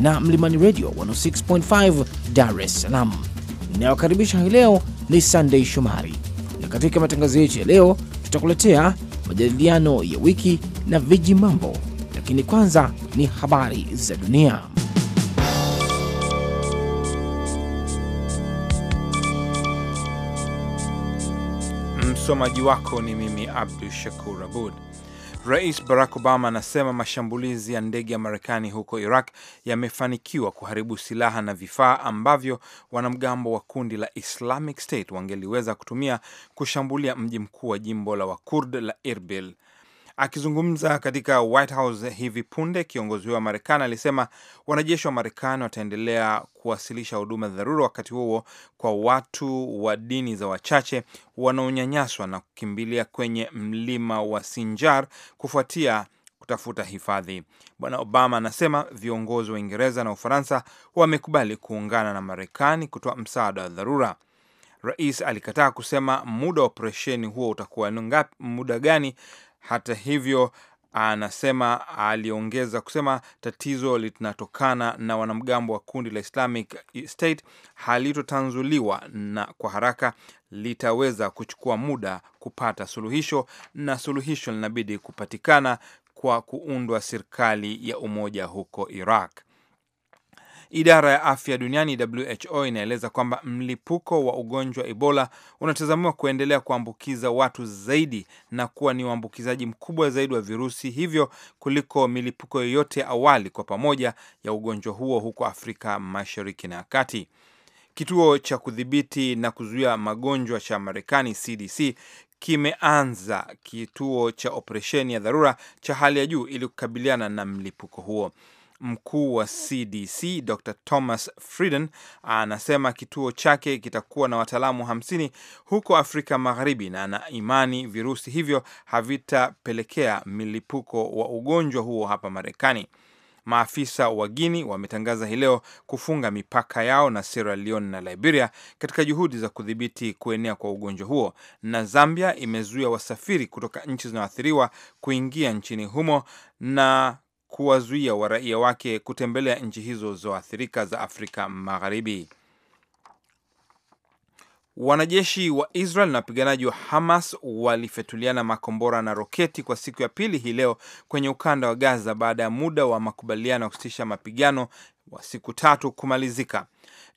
na Mlimani Radio 106.5 Dar es Salaam. Inayokaribisha hii leo ni Sunday Shomari, na katika matangazo yetu ya leo tutakuletea majadiliano ya wiki na viji mambo, lakini kwanza ni habari za dunia. Msomaji wako ni mimi Abdu Shakur Abud. Rais Barack Obama anasema mashambulizi ya ndege ya Marekani huko Iraq yamefanikiwa kuharibu silaha na vifaa ambavyo wanamgambo wa kundi la Islamic State wangeliweza kutumia kushambulia mji mkuu wa jimbo la Wakurd la Irbil. Akizungumza katika White House hivi punde, kiongozi huyo wa Marekani alisema wanajeshi wa Marekani wataendelea kuwasilisha huduma dharura, wakati huo kwa watu wa dini za wachache wanaonyanyaswa na kukimbilia kwenye mlima wa Sinjar kufuatia kutafuta hifadhi. Bwana Obama anasema viongozi wa Uingereza na Ufaransa wamekubali kuungana na Marekani kutoa msaada wa dharura. Rais alikataa kusema muda wa operesheni huo utakuwa muda gani, hata hivyo anasema aliongeza kusema tatizo linatokana na wanamgambo wa kundi la Islamic State halitotanzuliwa na kwa haraka litaweza kuchukua muda kupata suluhisho, na suluhisho linabidi kupatikana kwa kuundwa serikali ya umoja huko Iraq. Idara ya afya duniani WHO inaeleza kwamba mlipuko wa ugonjwa wa Ebola unatazamiwa kuendelea kuambukiza watu zaidi na kuwa ni uambukizaji mkubwa zaidi wa virusi hivyo kuliko milipuko yoyote awali kwa pamoja ya ugonjwa huo huko Afrika Mashariki na Kati. Kituo cha kudhibiti na kuzuia magonjwa cha Marekani CDC kimeanza kituo cha operesheni ya dharura cha hali ya juu ili kukabiliana na mlipuko huo mkuu wa CDC Dr. Thomas Frieden anasema kituo chake kitakuwa na wataalamu hamsini huko Afrika Magharibi na ana imani virusi hivyo havitapelekea milipuko wa ugonjwa huo hapa Marekani. Maafisa wa Guini wametangaza hii leo kufunga mipaka yao na Sierra Leone na Liberia katika juhudi za kudhibiti kuenea kwa ugonjwa huo, na Zambia imezuia wasafiri kutoka nchi zinazoathiriwa kuingia nchini humo na kuwazuia waraia wake kutembelea nchi hizo zoathirika za Afrika Magharibi. Wanajeshi wa Israel na wapiganaji wa Hamas walifyatuliana makombora na roketi kwa siku ya pili hii leo kwenye ukanda wa Gaza baada ya muda wa makubaliano ya kusitisha mapigano wa siku tatu kumalizika.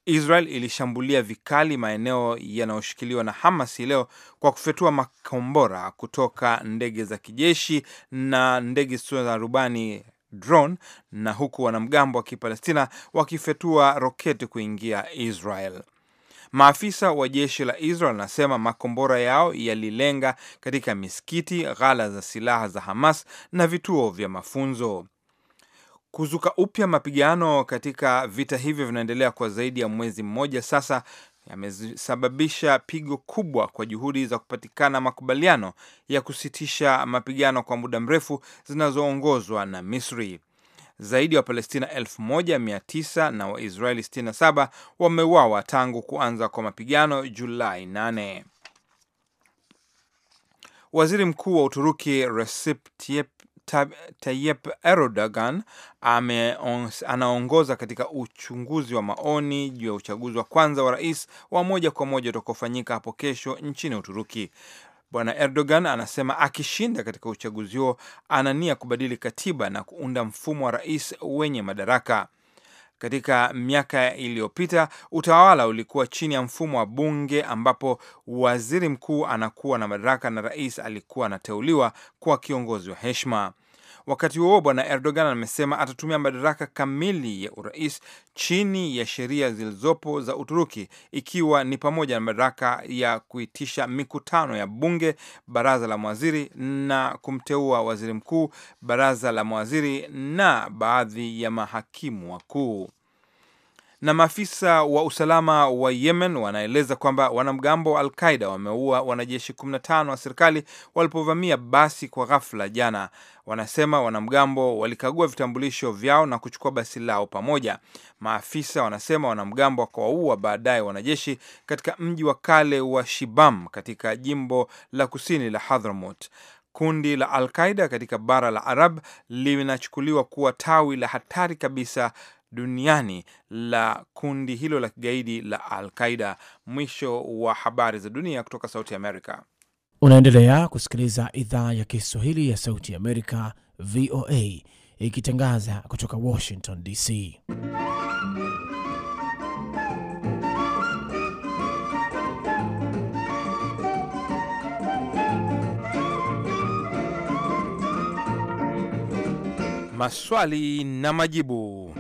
Israel ilishambulia vikali maeneo yanayoshikiliwa na Hamas hii leo kwa kufyatua makombora kutoka ndege za kijeshi na ndege zisizo za rubani drone na huku wanamgambo wa Kipalestina wakifyatua roketi kuingia Israel. Maafisa wa jeshi la Israel wanasema makombora yao yalilenga katika misikiti, ghala za silaha za Hamas na vituo vya mafunzo. Kuzuka upya mapigano katika vita hivyo vinaendelea kwa zaidi ya mwezi mmoja sasa yamesababisha pigo kubwa kwa juhudi za kupatikana makubaliano ya kusitisha mapigano kwa muda mrefu zinazoongozwa na Misri. Zaidi ya wa Wapalestina 1900 na Waisraeli 67 wameuawa tangu kuanza kwa mapigano Julai 8. Waziri Mkuu wa Uturuki Recep Tayyip Tayyip Erdogan anaongoza katika uchunguzi wa maoni juu ya uchaguzi wa kwanza wa rais wa moja kwa moja utakaofanyika hapo kesho nchini Uturuki. Bwana Erdogan anasema akishinda katika uchaguzi huo, anania kubadili katiba na kuunda mfumo wa rais wenye madaraka. Katika miaka iliyopita utawala ulikuwa chini ya mfumo wa bunge, ambapo waziri mkuu anakuwa na madaraka na rais alikuwa anateuliwa kwa kiongozi wa heshima. Wakati huo bwana Erdogan amesema atatumia madaraka kamili ya urais chini ya sheria zilizopo za Uturuki, ikiwa ni pamoja na madaraka ya kuitisha mikutano ya bunge, baraza la mawaziri na kumteua waziri mkuu, baraza la mawaziri na baadhi ya mahakimu wakuu. Na maafisa wa usalama wa Yemen wanaeleza kwamba wanamgambo wa alqaida wameua wanajeshi 15 wa serikali walipovamia basi kwa ghafla jana. Wanasema wanamgambo walikagua vitambulisho vyao na kuchukua basi lao pamoja. Maafisa wanasema wanamgambo wakawaua baadaye wanajeshi katika mji wa kale wa Shibam katika jimbo la kusini la Hadhramaut. Kundi la alqaida katika bara la Arab linachukuliwa kuwa tawi la hatari kabisa duniani la kundi hilo la kigaidi la Al-Qaida. Mwisho wa habari za dunia kutoka Sauti Amerika. Unaendelea kusikiliza idhaa ya Kiswahili ya Sauti Amerika, VOA, ikitangaza kutoka Washington DC. Maswali na majibu.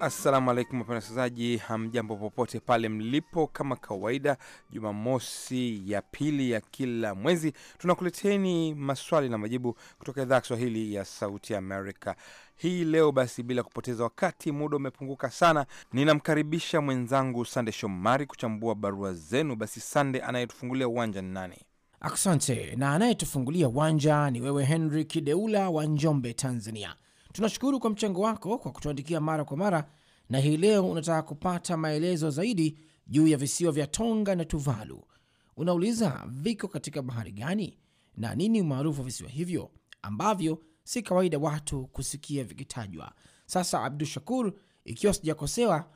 Assalamu alaikum wapenda wasikilizaji, hamjambo popote pale mlipo. Kama kawaida, Jumamosi ya pili ya kila mwezi tunakuleteni maswali na majibu kutoka idhaa ya Kiswahili ya Sauti Amerika hii leo. Basi bila kupoteza wakati, muda umepunguka sana, ninamkaribisha mwenzangu Sande Shomari kuchambua barua zenu. Basi Sande, anayetufungulia uwanja ni nani? Asante, na anayetufungulia uwanja ni wewe Henry Kideula wa Njombe, Tanzania. Tunashukuru kwa mchango wako kwa kutuandikia mara kwa mara, na hii leo unataka kupata maelezo zaidi juu ya visiwa vya Tonga na Tuvalu. Unauliza viko katika bahari gani na nini umaarufu wa visiwa hivyo ambavyo si kawaida watu kusikia vikitajwa. Sasa Abdu Shakur, ikiwa sijakosewa,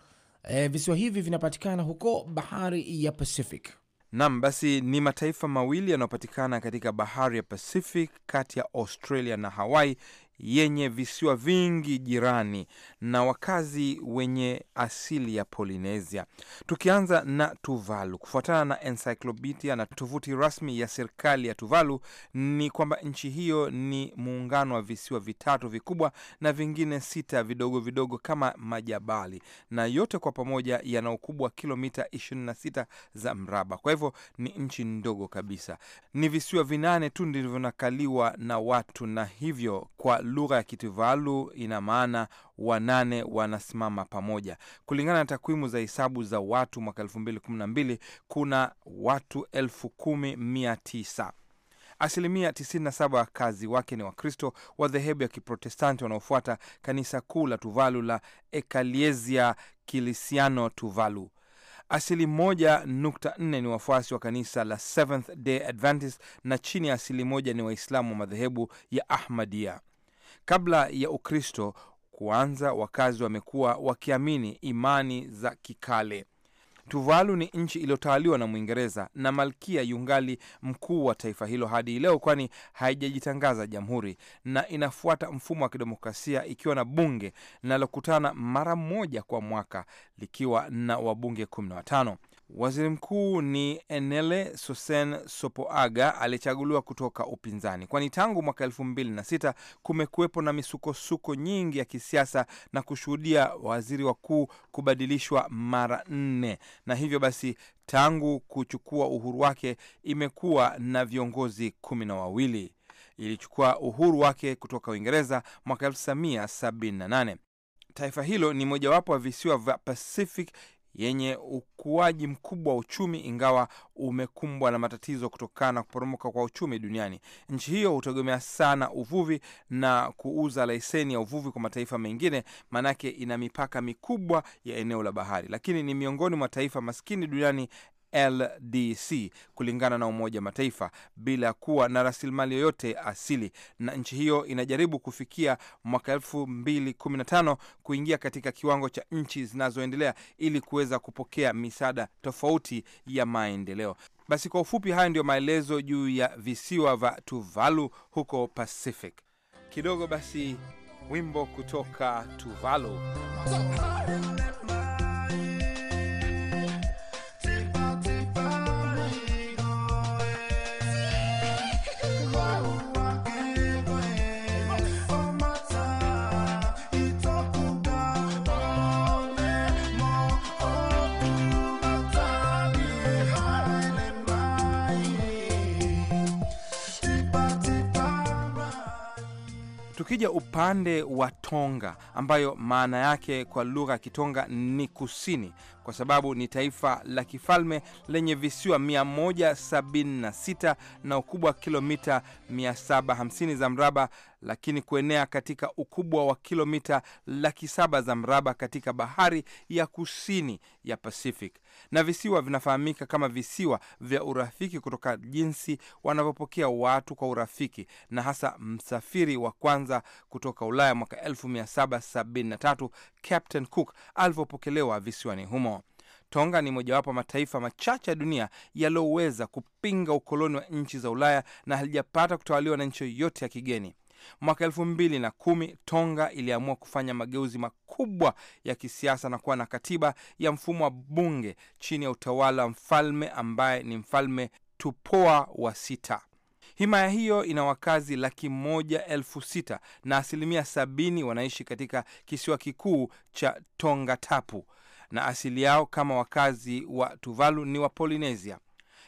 e, visiwa hivi vinapatikana huko bahari ya Pacific. Nam, basi ni mataifa mawili yanayopatikana katika bahari ya Pacific kati ya Australia na Hawaii yenye visiwa vingi jirani na wakazi wenye asili ya Polinesia. Tukianza na Tuvalu, kufuatana na encyclopedia na tovuti rasmi ya serikali ya Tuvalu ni kwamba nchi hiyo ni muungano wa visiwa vitatu vikubwa na vingine sita vidogo vidogo kama majabali, na yote kwa pamoja yana ukubwa wa kilomita 26 za mraba. Kwa hivyo ni nchi ndogo kabisa. Ni visiwa vinane tu ndivyo vinakaliwa na watu, na hivyo kwa lugha ya Kitivalu ina maana wanane wanasimama pamoja. Kulingana na takwimu za hesabu za watu mwaka elfu mbili kumi na mbili kuna watu elfu kumi mia tisa. Asilimia 97 wakazi wake ni Wakristo wa dhehebu ya Kiprotestanti wanaofuata kanisa kuu la Tuvalu la Ekalesia Kilisiano Tuvalu. Asili moja nukta nne ni wafuasi wa kanisa la Seventh Day Adventist na chini ya asili moja ni Waislamu wa madhehebu ya Ahmadia. Kabla ya Ukristo kuanza, wakazi wamekuwa wakiamini imani za kikale. Tuvalu ni nchi iliyotawaliwa na Mwingereza na malkia yungali mkuu wa taifa hilo hadi leo, kwani haijajitangaza jamhuri na inafuata mfumo wa kidemokrasia ikiwa na bunge linalokutana mara moja kwa mwaka likiwa na wabunge na watano. Waziri mkuu ni Enele Sosen Sopoaga aliyechaguliwa kutoka upinzani, kwani tangu mwaka elfu mbili na sita kumekuwepo na misukosuko nyingi ya kisiasa na kushuhudia waziri wakuu kubadilishwa mara nne, na hivyo basi tangu kuchukua uhuru wake imekuwa na viongozi kumi na wawili. Ilichukua uhuru wake kutoka Uingereza mwaka nane. Taifa hilo ni mojawapo wa visiwa vya Pacific yenye ukuaji mkubwa wa uchumi ingawa umekumbwa na matatizo kutokana na kuporomoka kwa uchumi duniani. Nchi hiyo hutegemea sana uvuvi na kuuza leseni ya uvuvi kwa mataifa mengine, maanake ina mipaka mikubwa ya eneo la bahari, lakini ni miongoni mwa taifa maskini duniani LDC kulingana na Umoja Mataifa bila kuwa na rasilimali yoyote asili, na nchi hiyo inajaribu kufikia mwaka tano kuingia katika kiwango cha nchi zinazoendelea ili kuweza kupokea misaada tofauti ya maendeleo. Basi kwa ufupi, hayo ndiyo maelezo juu ya visiwa vya Tuvalu huko Pacific. Kidogo basi wimbo kutoka Tuvalu Tukija upande wa Tonga ambayo maana yake kwa lugha ya Kitonga ni kusini, kwa sababu ni taifa la kifalme lenye visiwa 176 na ukubwa wa kilomita 750 za mraba, lakini kuenea katika ukubwa wa kilomita laki saba za mraba katika bahari ya kusini ya Pacific na visiwa vinafahamika kama visiwa vya urafiki kutoka jinsi wanavyopokea watu kwa urafiki, na hasa msafiri wa kwanza kutoka Ulaya mwaka 1773 Captain Cook alivyopokelewa visiwani humo. Tonga ni mojawapo mataifa machache ya dunia yaliyoweza kupinga ukoloni wa nchi za Ulaya na halijapata kutawaliwa na nchi yoyote ya kigeni. Mwaka elfu mbili na kumi Tonga iliamua kufanya mageuzi makubwa ya kisiasa na kuwa na katiba ya mfumo wa bunge chini ya utawala wa mfalme ambaye ni mfalme Tupoa wa sita. Himaya hiyo ina wakazi laki moja elfu sita na asilimia sabini wanaishi katika kisiwa kikuu cha Tongatapu na asili yao kama wakazi wa Tuvalu ni wa Polinesia.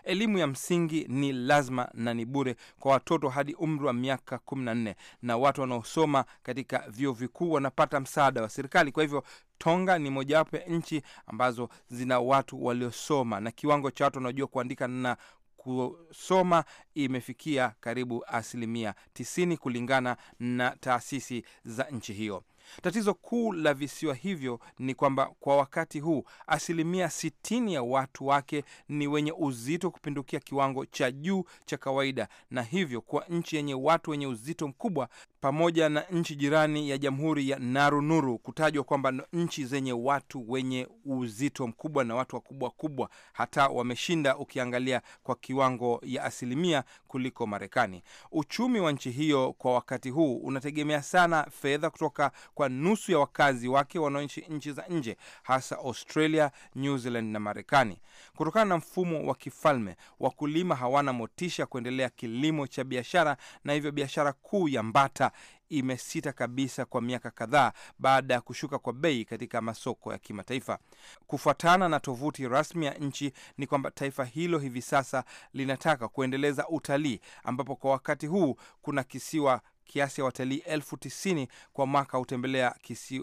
Elimu ya msingi ni lazima na ni bure kwa watoto hadi umri wa miaka kumi na watu wanaosoma katika vyuo vikuu wanapata msaada wa serikali. Kwa hivyo Tonga ni mojawapo ya nchi ambazo zina watu waliosoma na kiwango cha watu wanaojua kuandika na kusoma imefikia karibu asilimia tisini kulingana na taasisi za nchi hiyo. Tatizo kuu la visiwa hivyo ni kwamba kwa wakati huu asilimia 60 ya watu wake ni wenye uzito kupindukia kiwango cha juu cha kawaida, na hivyo kwa nchi yenye watu wenye uzito mkubwa pamoja na nchi jirani ya Jamhuri ya Narunuru kutajwa kwamba nchi zenye watu wenye uzito mkubwa na watu wakubwa kubwa, hata wameshinda ukiangalia kwa kiwango ya asilimia kuliko Marekani. Uchumi wa nchi hiyo kwa wakati huu unategemea sana fedha kutoka kwa kwa nusu ya wakazi wake wanaoishi nchi za nje, hasa Australia, New Zealand na Marekani. Kutokana na mfumo wa kifalme, wakulima hawana motisha kuendelea kilimo cha biashara, na hivyo biashara kuu ya mbata imesita kabisa kwa miaka kadhaa baada ya kushuka kwa bei katika masoko ya kimataifa. Kufuatana na tovuti rasmi ya nchi, ni kwamba taifa hilo hivi sasa linataka kuendeleza utalii, ambapo kwa wakati huu kuna kisiwa kiasi ya watalii elfu tisini kwa mwaka hutembelea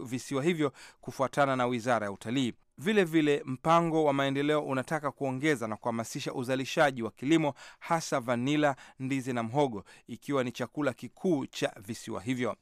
visiwa hivyo, kufuatana na wizara ya utalii. Vilevile, mpango wa maendeleo unataka kuongeza na kuhamasisha uzalishaji wa kilimo, hasa vanila, ndizi na mhogo, ikiwa ni chakula kikuu cha visiwa hivyo.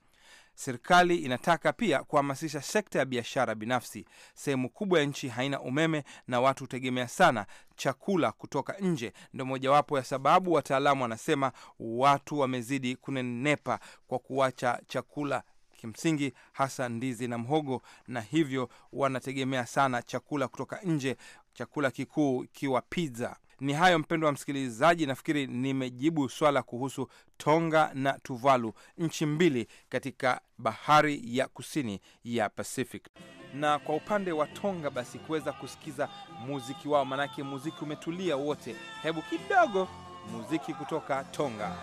Serikali inataka pia kuhamasisha sekta ya biashara binafsi. Sehemu kubwa ya nchi haina umeme na watu hutegemea sana chakula kutoka nje. Ndo mojawapo ya sababu wataalamu wanasema watu wamezidi kunenepa kwa kuacha chakula kimsingi hasa ndizi na mhogo, na hivyo wanategemea sana chakula kutoka nje, chakula kikuu ikiwa pizza. Ni hayo mpendwa msikilizaji, nafikiri nimejibu swala kuhusu Tonga na Tuvalu, nchi mbili katika bahari ya kusini ya Pacific. Na kwa upande wa Tonga basi kuweza kusikiza muziki wao, maanake muziki umetulia wote. Hebu kidogo muziki kutoka Tonga.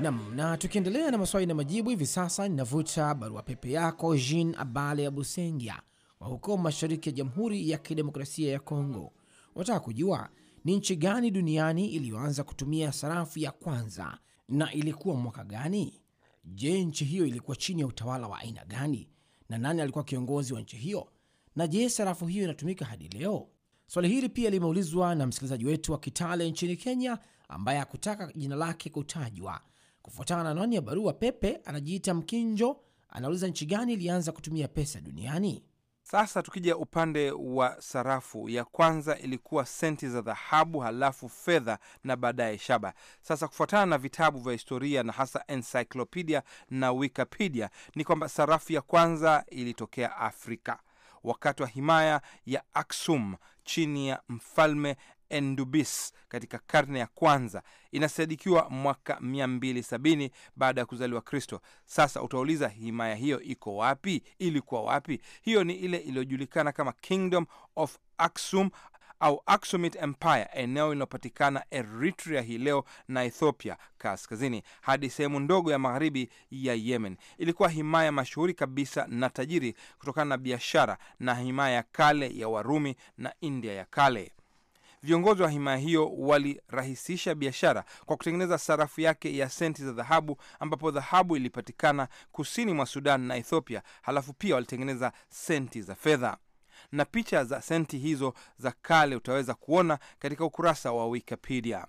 Nam na, tukiendelea na maswali na majibu, hivi sasa ninavuta barua pepe yako Jean Abale Busengia wa huko mashariki ya Jamhuri ya Kidemokrasia ya Kongo. Unataka kujua ni nchi gani duniani iliyoanza kutumia sarafu ya kwanza na ilikuwa mwaka gani? Je, nchi hiyo ilikuwa chini ya utawala wa aina gani na nani alikuwa kiongozi wa nchi hiyo? Na je, sarafu hiyo inatumika hadi leo? Swali hili pia limeulizwa na msikilizaji wetu wa Kitale nchini Kenya, ambaye hakutaka jina lake kutajwa Kufuatana na anwani ya barua pepe, anajiita Mkinjo, anauliza nchi gani ilianza kutumia pesa duniani. Sasa tukija upande wa sarafu, ya kwanza ilikuwa senti za dhahabu, halafu fedha na baadaye shaba. Sasa kufuatana na vitabu vya historia na hasa encyclopedia na Wikipedia ni kwamba sarafu ya kwanza ilitokea Afrika wakati wa himaya ya Aksum chini ya mfalme Endubis katika karne ya kwanza, inasadikiwa mwaka 270 baada ya kuzaliwa Kristo. Sasa utauliza himaya hiyo iko wapi? Ilikuwa wapi? Hiyo ni ile iliyojulikana kama Kingdom of Aksum au Aksumite Empire, eneo linalopatikana Eritrea hii leo na Ethiopia kaskazini hadi sehemu ndogo ya magharibi ya Yemen. Ilikuwa himaya mashuhuri kabisa na tajiri kutokana na biashara na himaya ya kale ya Warumi na India ya kale. Viongozi wa himaya hiyo walirahisisha biashara kwa kutengeneza sarafu yake ya senti za dhahabu, ambapo dhahabu ilipatikana kusini mwa Sudan na Ethiopia. Halafu pia walitengeneza senti za fedha na picha za senti hizo za kale utaweza kuona katika ukurasa wa Wikipedia.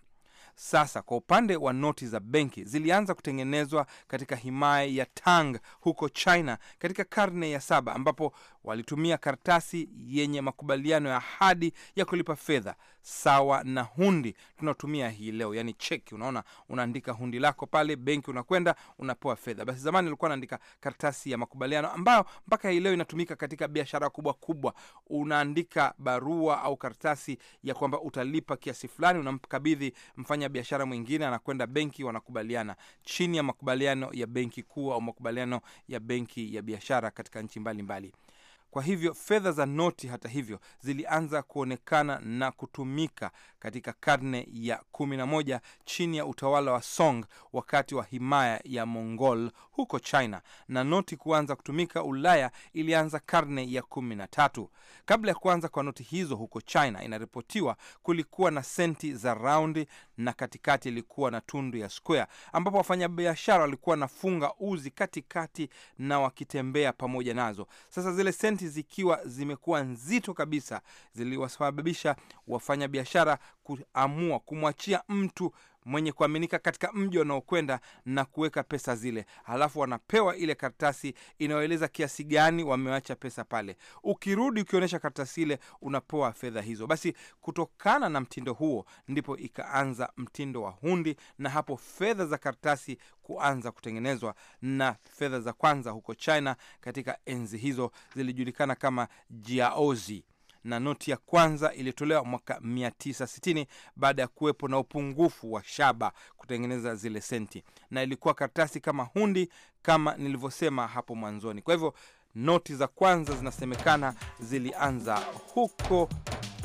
Sasa kwa upande wa noti za benki zilianza kutengenezwa katika himaya ya Tang huko China katika karne ya saba, ambapo walitumia karatasi yenye makubaliano ya ahadi ya kulipa fedha sawa na hundi tunatumia hii leo, yani cheki. Unaona, unaandika hundi lako pale benki, unakwenda unapewa fedha. Basi zamani ulikuwa unaandika karatasi ya makubaliano, ambayo mpaka hii leo inatumika katika biashara kubwa kubwa. Unaandika barua au karatasi ya kwamba utalipa kiasi fulani, unamkabidhi mfanya biashara mwingine, anakwenda benki, wanakubaliana chini ya makubaliano ya benki kuu au makubaliano ya benki ya biashara katika nchi mbalimbali mbali. Kwa hivyo fedha za noti, hata hivyo, zilianza kuonekana na kutumika katika karne ya kumi na moja chini ya utawala wa Song wakati wa himaya ya Mongol huko China, na noti kuanza kutumika Ulaya ilianza karne ya kumi na tatu. Kabla ya kuanza kwa noti hizo huko China, inaripotiwa kulikuwa na senti za raundi na katikati ilikuwa na tundu ya square, ambapo wafanyabiashara walikuwa wanafunga uzi katikati na wakitembea pamoja nazo. Sasa zile senti Centi zikiwa zimekuwa nzito kabisa, ziliwasababisha wafanyabiashara kuamua kumwachia mtu mwenye kuaminika katika mji wanaokwenda na, kuweka pesa zile, halafu wanapewa ile karatasi inayoeleza kiasi gani wamewacha pesa pale. Ukirudi ukionyesha karatasi ile, unapewa fedha hizo. Basi kutokana na mtindo huo ndipo ikaanza mtindo wa hundi, na hapo fedha za karatasi kuanza kutengenezwa, na fedha za kwanza huko China katika enzi hizo zilijulikana kama jiaozi na noti ya kwanza iliyotolewa mwaka 960 baada ya kuwepo na upungufu wa shaba kutengeneza zile senti, na ilikuwa karatasi kama hundi, kama nilivyosema hapo mwanzoni. Kwa hivyo noti za kwanza zinasemekana zilianza huko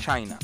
China.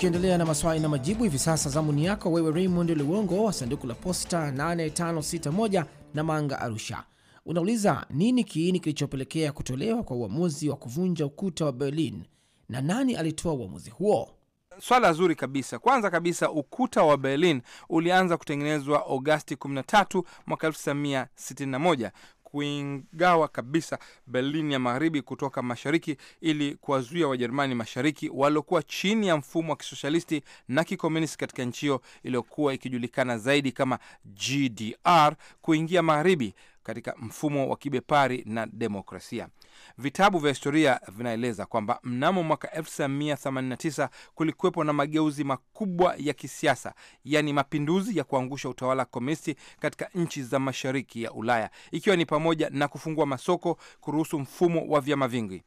Tukiendelea na maswali na majibu, hivi sasa zamuni yako wewe Raymond Luongo wa sanduku la posta 8561 na Manga, Arusha. Unauliza, nini kiini kilichopelekea kutolewa kwa uamuzi wa kuvunja ukuta wa Berlin na nani alitoa uamuzi huo? Swala zuri kabisa. Kwanza kabisa, ukuta wa Berlin ulianza kutengenezwa Agosti 13 mwaka 1961 kuingawa kabisa Berlin ya magharibi kutoka mashariki ili kuwazuia Wajerumani mashariki waliokuwa chini ya mfumo wa kisoshalisti na kikomunisti katika nchi hiyo iliyokuwa ikijulikana zaidi kama GDR kuingia magharibi katika mfumo wa kibepari na demokrasia. Vitabu vya historia vinaeleza kwamba mnamo mwaka 1989 kulikuwepo na mageuzi makubwa ya kisiasa, yaani mapinduzi ya kuangusha utawala komunisti katika nchi za mashariki ya Ulaya, ikiwa ni pamoja na kufungua masoko, kuruhusu mfumo wa vyama vingi.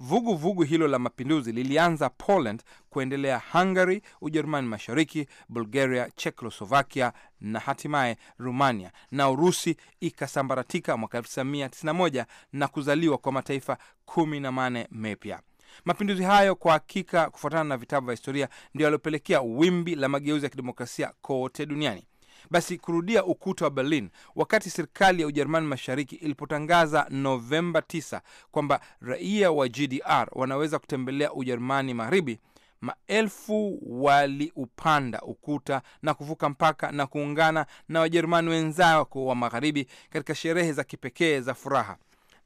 Vuguvugu vugu hilo la mapinduzi lilianza Poland, kuendelea Hungary, Ujerumani Mashariki, Bulgaria, chekoslovakia na hatimaye Rumania, na Urusi ikasambaratika mwaka 1991 na kuzaliwa kwa mataifa 18 mepya Mapinduzi hayo kwa hakika, kufuatana na vitabu vya historia, ndio yaliyopelekea wimbi la mageuzi ya kidemokrasia kote duniani. Basi kurudia ukuta wa Berlin, wakati serikali ya Ujerumani Mashariki ilipotangaza Novemba 9 kwamba raia wa GDR wanaweza kutembelea Ujerumani Magharibi, maelfu waliupanda ukuta na kuvuka mpaka na kuungana na Wajerumani wenzao wa Magharibi katika sherehe za kipekee za furaha.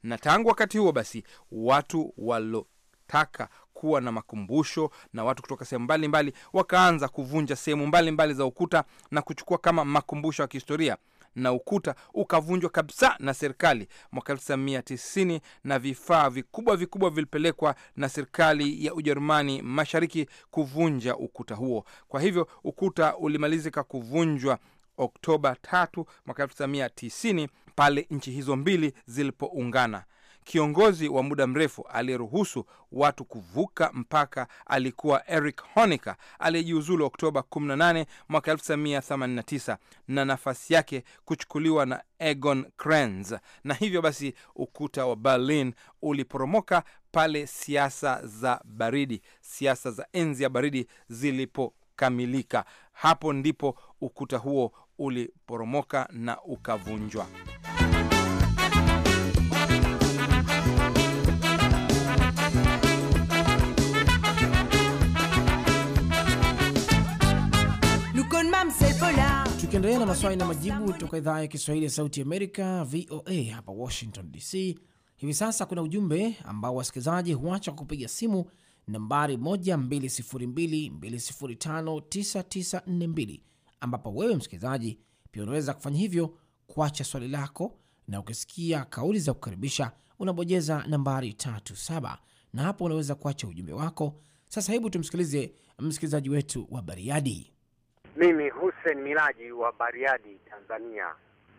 Na tangu wakati huo basi watu walotaka kuwa na makumbusho na watu kutoka sehemu mbalimbali wakaanza kuvunja sehemu mbalimbali za ukuta na kuchukua kama makumbusho ya kihistoria na ukuta ukavunjwa kabisa na serikali mwaka 1990 na vifaa vikubwa vikubwa vilipelekwa na serikali ya Ujerumani Mashariki kuvunja ukuta huo. Kwa hivyo ukuta ulimalizika kuvunjwa Oktoba 3 mwaka 1990 pale nchi hizo mbili zilipoungana kiongozi wa muda mrefu aliyeruhusu watu kuvuka mpaka alikuwa Eric Honecker aliyejiuzulu Oktoba 18 mwaka 1989 na nafasi yake kuchukuliwa na Egon Krenz, na hivyo basi ukuta wa Berlin uliporomoka pale siasa za baridi, siasa za enzi ya baridi zilipokamilika. Hapo ndipo ukuta huo uliporomoka na ukavunjwa. Tukiendelea na maswali na majibu toka idhaa ya Kiswahili ya Sauti Amerika, VOA hapa Washington DC. Hivi sasa kuna ujumbe ambao wasikilizaji huacha kwa kupiga simu nambari 12022059942 ambapo wewe msikilizaji pia unaweza kufanya hivyo, kuacha swali lako, na ukisikia kauli za kukaribisha unabojeza nambari 37 na hapo unaweza kuacha ujumbe wako. Sasa hebu tumsikilize msikilizaji wetu wa Bariadi. Mimi Hussein Miraji wa Bariadi, Tanzania,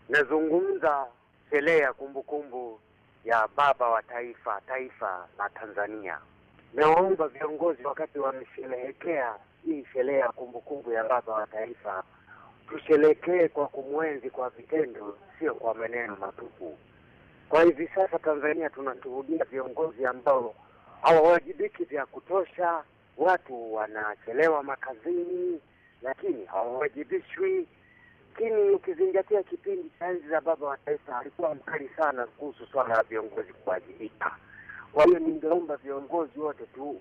nazungumza sherehe ya kumbukumbu ya baba wa taifa, taifa la Tanzania. Naomba viongozi wakati wamesherehekea hii sherehe ya kumbukumbu ya baba wa taifa, tusherehekee kwa kumwenzi kwa vitendo, sio kwa maneno matupu. Kwa hivi sasa Tanzania tunashuhudia viongozi ambao hawawajibiki vya kutosha, watu wanachelewa makazini, lakini hawawajibishwi. Lakini ukizingatia kipindi cha enzi za baba wa taifa alikuwa mkali sana kuhusu swala la viongozi kuwajibika. Kwa hiyo ningeomba viongozi wote tu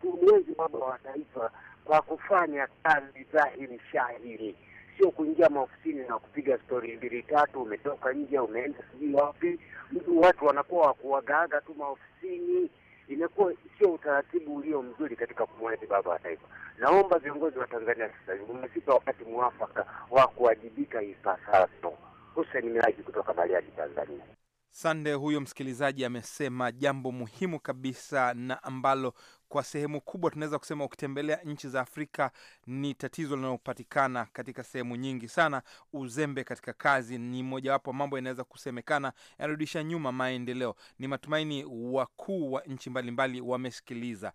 tumwezi baba wa taifa kwa kufanya kazi dhahiri shahiri, sio kuingia maofisini na kupiga stori mbili tatu, umetoka nje, umeenda sijui wapi. Mtu watu wanakuwa wakuwagaaga tu maofisini imekuwa sio utaratibu ulio mzuri katika kumwenzi baba wa taifa. Naomba viongozi wa Tanzania sasa umefika wakati mwafaka wa kuwajibika ipasavyo. Hussein Miraji kutoka Bariadi, Tanzania. Sande, huyo msikilizaji amesema jambo muhimu kabisa na ambalo kwa sehemu kubwa tunaweza kusema, ukitembelea nchi za Afrika ni tatizo linalopatikana katika sehemu nyingi sana. Uzembe katika kazi ni mojawapo mambo yanaweza kusemekana yanarudisha nyuma maendeleo. Ni matumaini wakuu wa nchi mbalimbali wamesikiliza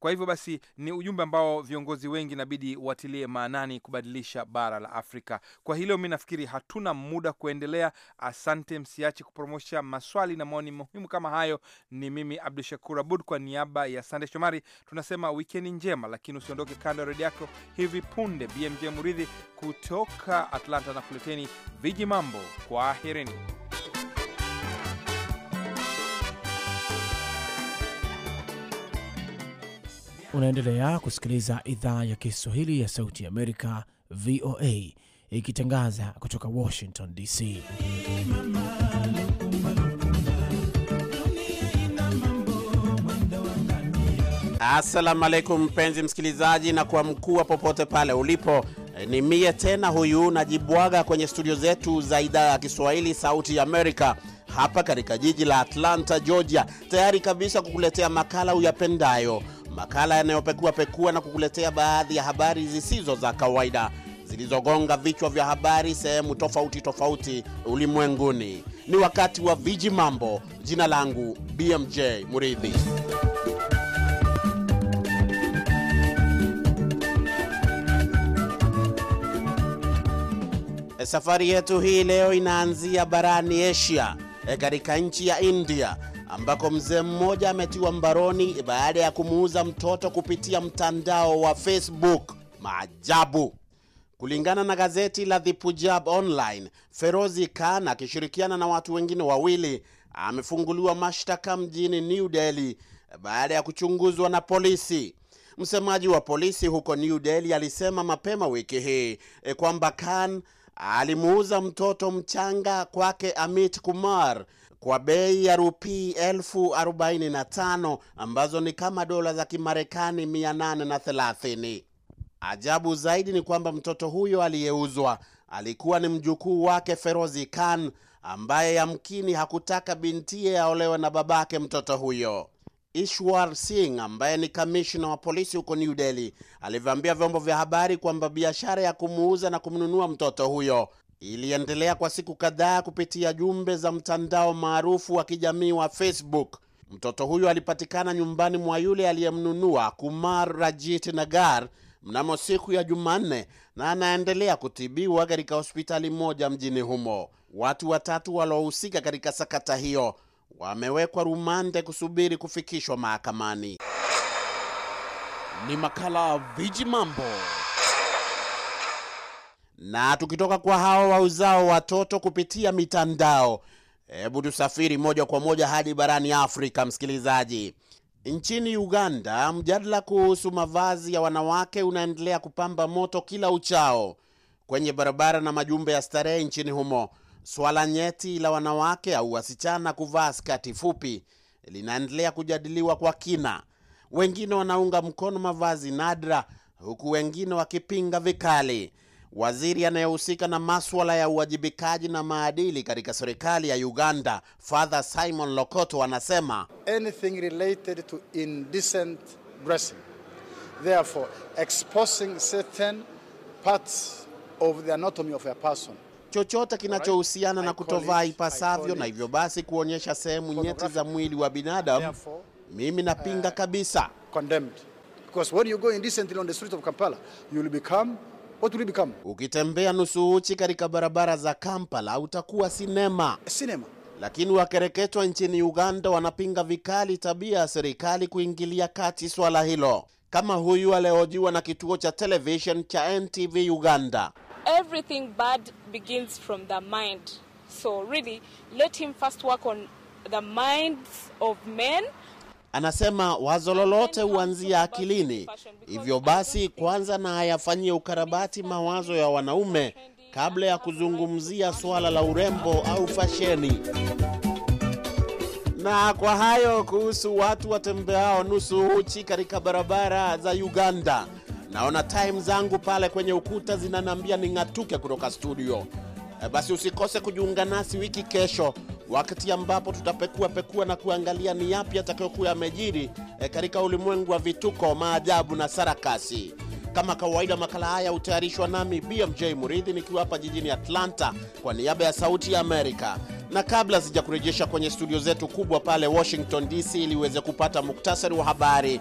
kwa hivyo basi, ni ujumbe ambao viongozi wengi inabidi watilie maanani kubadilisha bara la Afrika. Kwa hilo mi nafikiri hatuna muda kuendelea. Asante, msiache kupromosha maswali na maoni muhimu kama hayo. Ni mimi Abdu Shakur Abud kwa niaba ya Sande Shomari, tunasema wikendi njema, lakini usiondoke kando ya redio yako. Hivi punde BMJ Muridhi kutoka Atlanta na kuleteni viji mambo. herini Unaendelea kusikiliza idhaa ya Kiswahili ya Sauti ya Amerika, VOA, ikitangaza kutoka Washington DC. Assalamu alaikum mpenzi msikilizaji, na kwa mkuu wa popote pale ulipo, eh, ni mie tena huyu najibwaga kwenye studio zetu za idhaa ya Kiswahili Sauti Amerika hapa katika jiji la Atlanta, Georgia, tayari kabisa kukuletea makala uyapendayo makala yanayopekua pekua na kukuletea baadhi ya habari zisizo za kawaida zilizogonga vichwa vya habari sehemu tofauti tofauti ulimwenguni. Ni wakati wa viji mambo. Jina langu BMJ Muridhi. Safari yetu hii leo inaanzia barani Asia, katika nchi ya India ambako mzee mmoja ametiwa mbaroni baada ya kumuuza mtoto kupitia mtandao wa Facebook. Maajabu! Kulingana na gazeti la The Punjab Online, Ferozi Khan akishirikiana na watu wengine wawili amefunguliwa mashtaka mjini New Delhi baada ya kuchunguzwa na polisi. Msemaji wa polisi huko New Delhi alisema mapema wiki hii eh, kwamba Khan alimuuza mtoto mchanga kwake Amit Kumar kwa bei ya rupii 45 ambazo ni kama dola za Kimarekani 830. Ajabu zaidi ni kwamba mtoto huyo aliyeuzwa alikuwa ni mjukuu wake Ferozi Khan ambaye yamkini hakutaka bintiye aolewe na babake mtoto huyo. Ishwar Singh ambaye ni kamishna wa polisi huko New Delhi alivyoambia vyombo vya habari kwamba biashara ya kumuuza na kumnunua mtoto huyo iliendelea kwa siku kadhaa kupitia jumbe za mtandao maarufu wa kijamii wa Facebook. Mtoto huyo alipatikana nyumbani mwa yule aliyemnunua Kumar Rajit Nagar mnamo siku ya Jumanne na anaendelea kutibiwa katika hospitali moja mjini humo. Watu watatu waliohusika katika sakata hiyo wamewekwa rumande kusubiri kufikishwa mahakamani. Ni makala Viji Mambo. Na tukitoka kwa hawa wauzao watoto kupitia mitandao, hebu tusafiri moja kwa moja hadi barani Afrika, msikilizaji. Nchini Uganda, mjadala kuhusu mavazi ya wanawake unaendelea kupamba moto kila uchao kwenye barabara na majumba ya starehe nchini humo. Swala nyeti la wanawake au wasichana kuvaa skati fupi linaendelea kujadiliwa kwa kina. Wengine wanaunga mkono mavazi nadra, huku wengine wakipinga vikali. Waziri anayehusika na maswala ya uwajibikaji na maadili katika serikali ya Uganda, Father Simon Lokoto anasema anything related to indecent dressing therefore exposing certain parts of the anatomy of a person chochote kinachohusiana na kutovaa ipasavyo na hivyo basi kuonyesha sehemu nyeti za mwili wa binadamu, mimi napinga kabisa. Condemned because when you go indecently on the street of Kampala you will become What will become? Ukitembea nusu uchi katika barabara za Kampala utakuwa sinema. Sinema. Lakini wakereketwa nchini Uganda wanapinga vikali tabia ya serikali kuingilia kati swala hilo, kama huyu alihojiwa na kituo cha television cha NTV Uganda. Everything bad begins from the mind. So really, let him first work on the minds of men. Anasema wazo lolote huanzia akilini, hivyo basi kwanza na ayafanyie ukarabati mawazo ya wanaume kabla ya kuzungumzia suala la urembo au fasheni. Na kwa hayo kuhusu watu watembeao nusu uchi katika barabara za Uganda. Naona time zangu pale kwenye ukuta zinanambia ning'atuke kutoka studio. Eh, basi usikose kujiunga nasi wiki kesho, wakati ambapo tutapekua pekua na kuangalia ni yapi atakayokuwa yamejiri eh, katika ulimwengu wa vituko, maajabu na sarakasi. Kama kawaida, makala haya hutayarishwa nami BMJ Muridhi nikiwa hapa jijini Atlanta kwa niaba ya Sauti ya Amerika, na kabla kurejesha kwenye studio zetu kubwa pale Washington DC ili uweze kupata muktasari wa habari,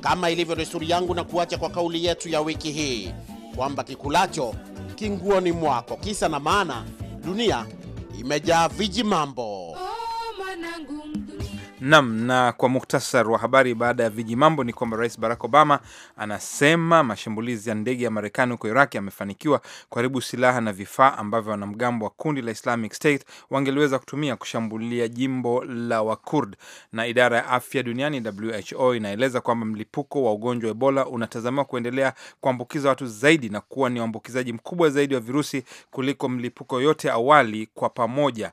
kama ilivyo desturi yangu, na kuacha kwa kauli yetu ya wiki hii kwamba kikulacho kinguoni mwako. Kisa na maana, dunia imejaa viji mambo. Oh, Nam, na kwa muktasar wa habari baada ya viji mambo ni kwamba Rais Barack Obama anasema mashambulizi ya ndege ya Marekani huko Iraq yamefanikiwa kuharibu silaha na vifaa ambavyo wanamgambo wa kundi la Islamic State wangeliweza kutumia kushambulia jimbo la Wakurd, na idara ya afya duniani WHO inaeleza kwamba mlipuko wa ugonjwa wa Ebola unatazamiwa kuendelea kuambukiza watu zaidi na kuwa ni uambukizaji mkubwa zaidi wa virusi kuliko mlipuko yote awali kwa pamoja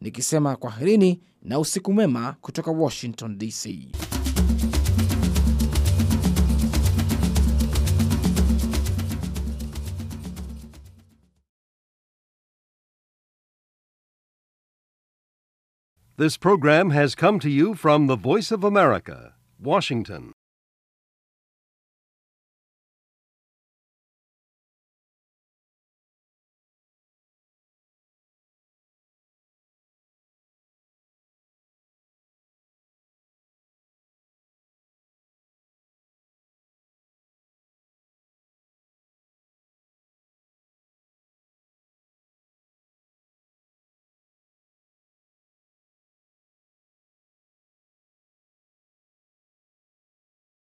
nikisema kwaherini na usiku mwema kutoka Washington DC. This program has come to you from the Voice of America, Washington.